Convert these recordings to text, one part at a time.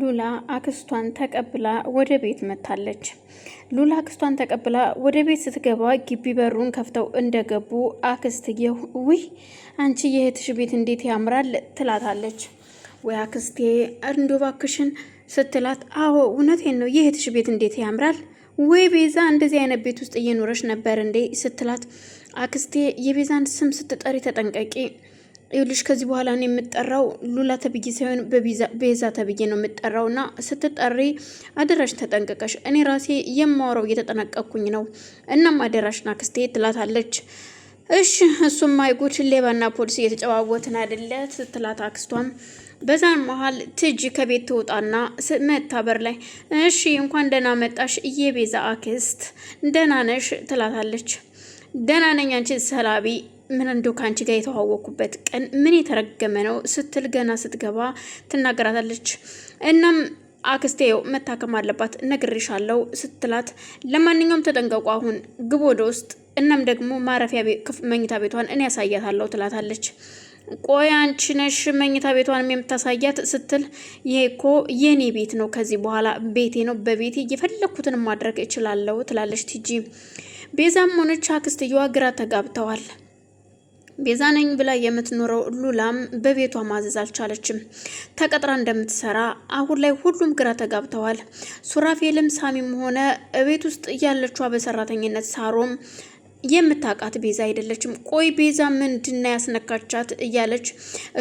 ሉላ አክስቷን ተቀብላ ወደ ቤት መታለች። ሉላ አክስቷን ተቀብላ ወደ ቤት ስትገባ ግቢ በሩን ከፍተው እንደገቡ አክስትየው ውይ አንቺ የእህትሽ ቤት እንዴት ያምራል ትላታለች። ወይ አክስቴ እንዶ ባክሽን ስትላት፣ አዎ እውነቴን ነው የእህትሽ ቤት እንዴት ያምራል። ወይ ቤዛ እንደዚህ አይነት ቤት ውስጥ እየኖረች ነበር እንዴ ስትላት፣ አክስቴ የቤዛን ስም ስትጠሪ ተጠንቀቂ ይኸውልሽ ከዚህ በኋላ ነው የምጠራው ሉላ ተብዬ ሳይሆን በቤዛ ተብዬ ነው የምጠራው። እና ስትጠሪ አደራሽ ተጠንቀቀሽ፣ እኔ ራሴ የማወራው እየተጠነቀቅኩኝ ነው። እናም አደራሽና ክስቴ ትላታለች። እሽ እሱም አይጉድ ሌባና ፖሊስ እየተጨዋወትን አይደለ ስትላት አክስቷም በዛን መሀል ትጅ ከቤት ትወጣና መታበር ላይ እሺ እንኳን ደህና መጣሽ የቤዛ አክስት ደህና ነሽ? ትላታለች። ደህና ነኝ ሰላቢ ምን እንደው ከአንቺ ጋር የተዋወቅኩበት ቀን ምን የተረገመ ነው ስትል ገና ስትገባ ትናገራታለች። እናም አክስቴው መታከም አለባት ነግሬሻለሁ ስትላት፣ ለማንኛውም ተጠንቀቁ፣ አሁን ግብ ወደ ውስጥ እናም ደግሞ ማረፊያ መኝታ ቤቷን እኔ ያሳያታለሁ ትላታለች። ቆይ አንቺ ነሽ መኝታ ቤቷንም የምታሳያት ስትል፣ ይሄ እኮ የኔ ቤት ነው፣ ከዚህ በኋላ ቤቴ ነው፣ በቤቴ እየፈለግኩትን ማድረግ እችላለሁ ትላለች ቲጂ። ቤዛም ሆነች አክስትየዋ ግራ ተጋብተዋል። ቤዛ ነኝ ብላ የምትኖረው ሉላም በቤቷ ማዘዝ አልቻለችም። ተቀጥራ እንደምትሰራ አሁን ላይ ሁሉም ግራ ተጋብተዋል። ሱራፌልም ሳሚም ሆነ ቤት ውስጥ እያለችዋ በሰራተኝነት ሳሮም የምታውቃት ቤዛ አይደለችም። ቆይ ቤዛ ምንድና ያስነካቻት እያለች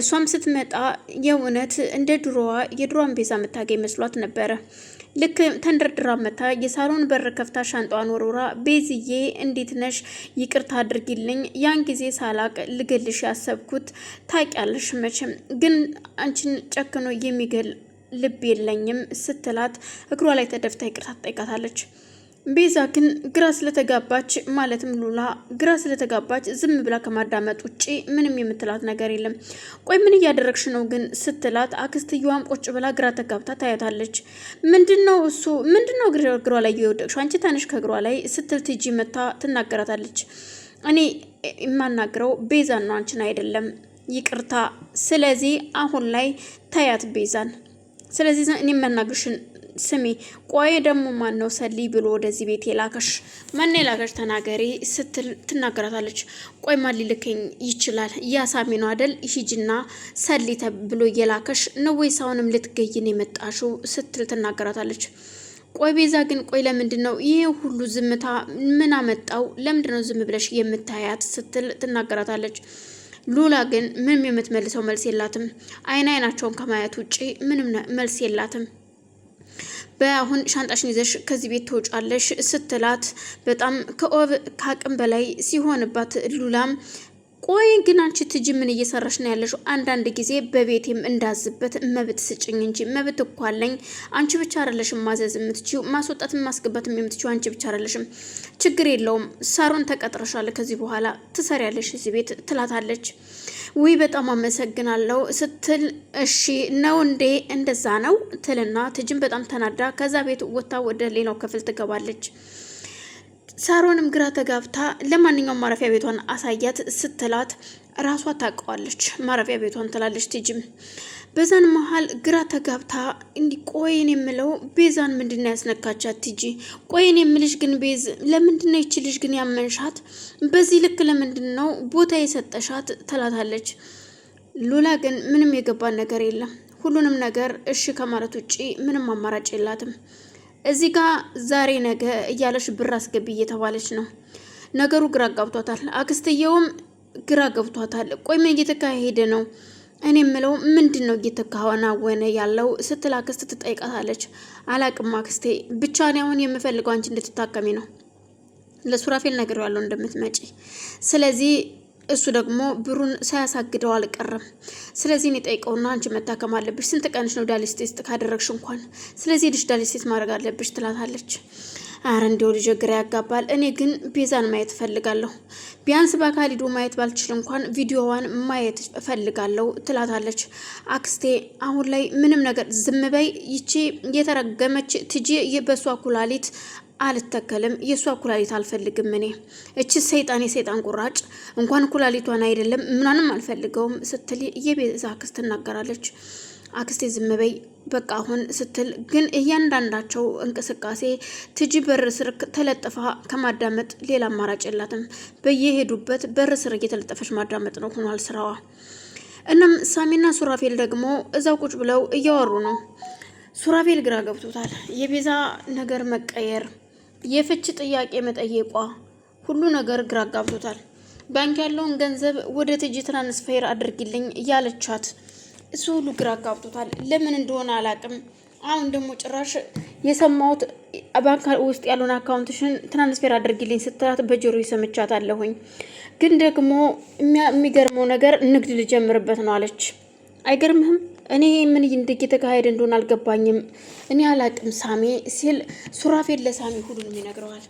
እሷም ስትመጣ የእውነት እንደ ድሮዋ የድሮዋን ቤዛ የምታገኝ መስሏት ነበረ። ልክ ተንደርድራ መታ የሳሎን በር ከፍታ ሻንጧን ወርውራ፣ ቤዝዬ እንዴት ነሽ? ይቅርታ አድርጊልኝ። ያን ጊዜ ሳላቅ ልገልሽ ያሰብኩት ታውቂያለሽ። መቼም ግን አንቺን ጨክኖ የሚገል ልብ የለኝም ስትላት እግሯ ላይ ተደፍታ ይቅርታ ትጠይቃታለች። ቤዛ ግን ግራ ስለተጋባች ማለትም ሉላ ግራ ስለተጋባች ዝም ብላ ከማዳመጥ ውጪ ምንም የምትላት ነገር የለም። ቆይ ምን እያደረግሽ ነው ግን ስትላት አክስትየዋም ቁጭ ብላ ግራ ተጋብታ ታያታለች። ምንድነው እሱ ምንድነው እግሯ ላይ የወደቅሽው አንቺ ተንሽ ከእግሯ ላይ ስትል ትጂ መታ ትናገራታለች። እኔ የማናግረው ቤዛን ነው አንቺን አይደለም፣ ይቅርታ። ስለዚህ አሁን ላይ ታያት ቤዛን ስለዚህ እኔ መናገርሽን ስሜ ቆይ ደግሞ ማን ነው ሰሊ ብሎ ወደዚህ ቤት የላከሽ? ማን የላከሽ ተናገሪ ስትል ትናገራታለች። ቆይ ማን ሊልከኝ ይችላል? ያሳሚ ነው አደል? ሂጂና ሰሊ ተብሎ የላከሽ ነው ወይስ አሁንም ልትገይን የመጣሽው? ስትል ትናገራታለች። ቆይ ቤዛ ግን ቆይ ለምንድን ነው ይህ ሁሉ ዝምታ? ምን አመጣው? ለምንድን ነው ዝም ብለሽ የምታያት? ስትል ትናገራታለች። ሉላ ግን ምንም የምትመልሰው መልስ የላትም። አይን አይናቸውን ከማየት ውጪ ምንም መልስ የላትም። በአሁን ሻንጣሽን ይዘሽ ከዚህ ቤት ትወጫለሽ ስትላት በጣም ከኦብ ከአቅም በላይ ሲሆንባት ሉላም ቆይ ግን አንቺ ትጂ ምን እየሰራሽ ነው ያለሽው? አንዳንድ ጊዜ በቤቴም እንዳዝበት መብት ስጭኝ እንጂ መብት እኮ አለኝ። አንቺ ብቻ አይደለሽም ማዘዝ የምትችው ማስወጣትም ማስገባት የምትችው አንቺ ብቻ አይደለሽም። ችግር የለውም ሳሮን ተቀጥረሻል፣ ከዚህ በኋላ ትሰሪያለሽ እዚህ ቤት ትላታለች። ውይ በጣም አመሰግናለሁ ስትል እሺ ነው እንዴ እንደዛ ነው ትልና ትጅም በጣም ተናዳ ከዛ ቤት ወጥታ ወደ ሌላው ክፍል ትገባለች። ሳሮንም ግራ ተጋብታ ለማንኛውም ማረፊያ ቤቷን አሳያት ስትላት ራሷ ታውቀዋለች ማረፊያ ቤቷን ትላለች ትጅም። በዛን መሀል ግራ ተጋብታ እንዲ ቆይን የምለው ቤዛን ምንድን ያስነካቻት ትጂ? ቆይን የምልሽ ግን ቤዝ ለምንድን ነው ልጅ ግን ያመንሻት? በዚህ ልክ ለምንድን ነው ቦታ የሰጠሻት? ትላታለች። ሉላ ግን ምንም የገባን ነገር የለም ሁሉንም ነገር እሺ ከማለት ውጪ ምንም አማራጭ የላትም። እዚህ ጋ ዛሬ ነገ እያለሽ ብር አስገቢ እየተባለች ነው። ነገሩ ግራ ጋብቷታል። አክስትየውም ግራ ገብቷታል። ቆይ ምን እየተካሄደ ነው? እኔ የምለው ምንድን ነው እየተከናወነ ያለው ስትል አክስት ትጠይቃታለች። አላቅም አክስቴ፣ ብቻ እኔ አሁን የምፈልገው አንቺ እንድትታከሚ ነው። ለሱራፌል ነገር ያለው እንደምትመጪ ስለዚህ እሱ ደግሞ ብሩን ሳያሳግደው አልቀረም። ስለዚህ እኔ ጠይቀውና አንቺ መታከም አለብሽ፣ ስንት ቀንሽ ነው ዳሊስቴስ ካደረግሽ እንኳን ስለዚህ ልጅ ዳሊስቴስ ማድረግ አለብሽ ትላታለች። አረ እንዲው ልጅ ግራ ያጋባል። እኔ ግን ቤዛን ማየት እፈልጋለሁ፣ ቢያንስ በአካል ሂዶ ማየት ባልችል እንኳን ቪዲዮዋን ማየት እፈልጋለሁ ትላታለች። አክስቴ አሁን ላይ ምንም ነገር ዝም በይ፣ ይቺ የተረገመች ትጂ በሷ ኩላሊት አልተከልም የእሷ ኩላሊት አልፈልግም። እኔ እች ሰይጣን የሰይጣን ቁራጭ እንኳን ኩላሊቷን አይደለም ምናንም አልፈልገውም ስትል የቤዛ አክስት ትናገራለች። አክስቴ ዝም በይ በቃ አሁን ስትል ግን እያንዳንዳቸው እንቅስቃሴ ትጂ በር ስር ተለጥፋ ከማዳመጥ ሌላ አማራጭ የላትም። በየሄዱበት በር ስር እየተለጠፈች ማዳመጥ ነው ሆኗል ስራዋ። እናም ሳሚና ሱራፌል ደግሞ እዛው ቁጭ ብለው እያወሩ ነው። ሱራፌል ግራ ገብቶታል። የቤዛ ነገር መቀየር የፍች ጥያቄ መጠየቋ ሁሉ ነገር ግራ ጋብቶታል ባንክ ያለውን ገንዘብ ወደ ትጅ ትራንስፌር አድርጊልኝ እያለቻት እሱ ሁሉ ግራ ጋብቶታል ለምን እንደሆነ አላቅም። አሁን ደግሞ ጭራሽ የሰማሁት ባንክ ውስጥ ያለውን አካውንትሽን ትራንስፌር አድርጊልኝ ስትላት በጆሮ አለሁኝ ግን ደግሞ የሚገርመው ነገር ንግድ ልጀምርበት ነው አለች። አይገርምህም? እኔ ምን እየተካሄደ እንደሆነ አልገባኝም፣ እኔ አላቅም ሳሜ ሲል ሱራፌል ለሳሚ ሁሉንም ይነግረዋል።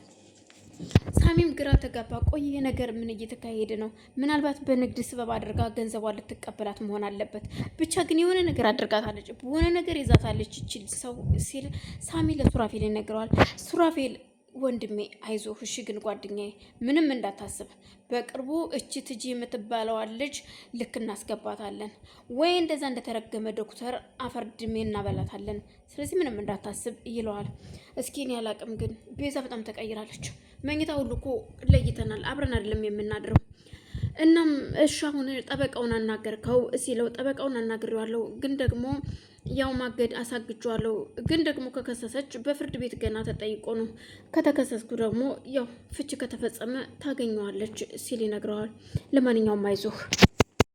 ሳሚም ግራ ተጋባ። ቆይ ይሄ ነገር ምን እየተካሄደ ነው? ምናልባት በንግድ ስበብ አድርጋ ገንዘቧ ልትቀበላት መሆን አለበት። ብቻ ግን የሆነ ነገር አድርጋታለች፣ በሆነ ነገር ይዛታለች ይችል ሰው ሲል ሳሚ ለሱራፌል ይነግረዋል። ሱራፌል ወንድሜ አይዞህ እሺ። ግን ጓደኛዬ ምንም እንዳታስብ፣ በቅርቡ እቺ ትጂ የምትባለዋን ልጅ ልክ እናስገባታለን። ወይ እንደዛ እንደተረገመ ዶክተር አፈርድሜ እናበላታለን። ስለዚህ ምንም እንዳታስብ ይለዋል። እስኪ እኔ አላቅም፣ ግን ቤዛ በጣም ተቀይራለች። መኝታ ሁሉ እኮ ለይተናል። አብረን አይደለም የምናድረው እናም እሺ አሁን ጠበቃውን አናገርከው ሲለው ጠበቃውን አናግሬዋለሁ፣ ግን ደግሞ ያው ማገድ አሳግጇለሁ፣ ግን ደግሞ ከከሰሰች በፍርድ ቤት ገና ተጠይቆ ነው። ከተከሰስኩ ደግሞ ያው ፍቺ ከተፈጸመ ታገኘዋለች ሲል ይነግረዋል። ለማንኛውም አይዞህ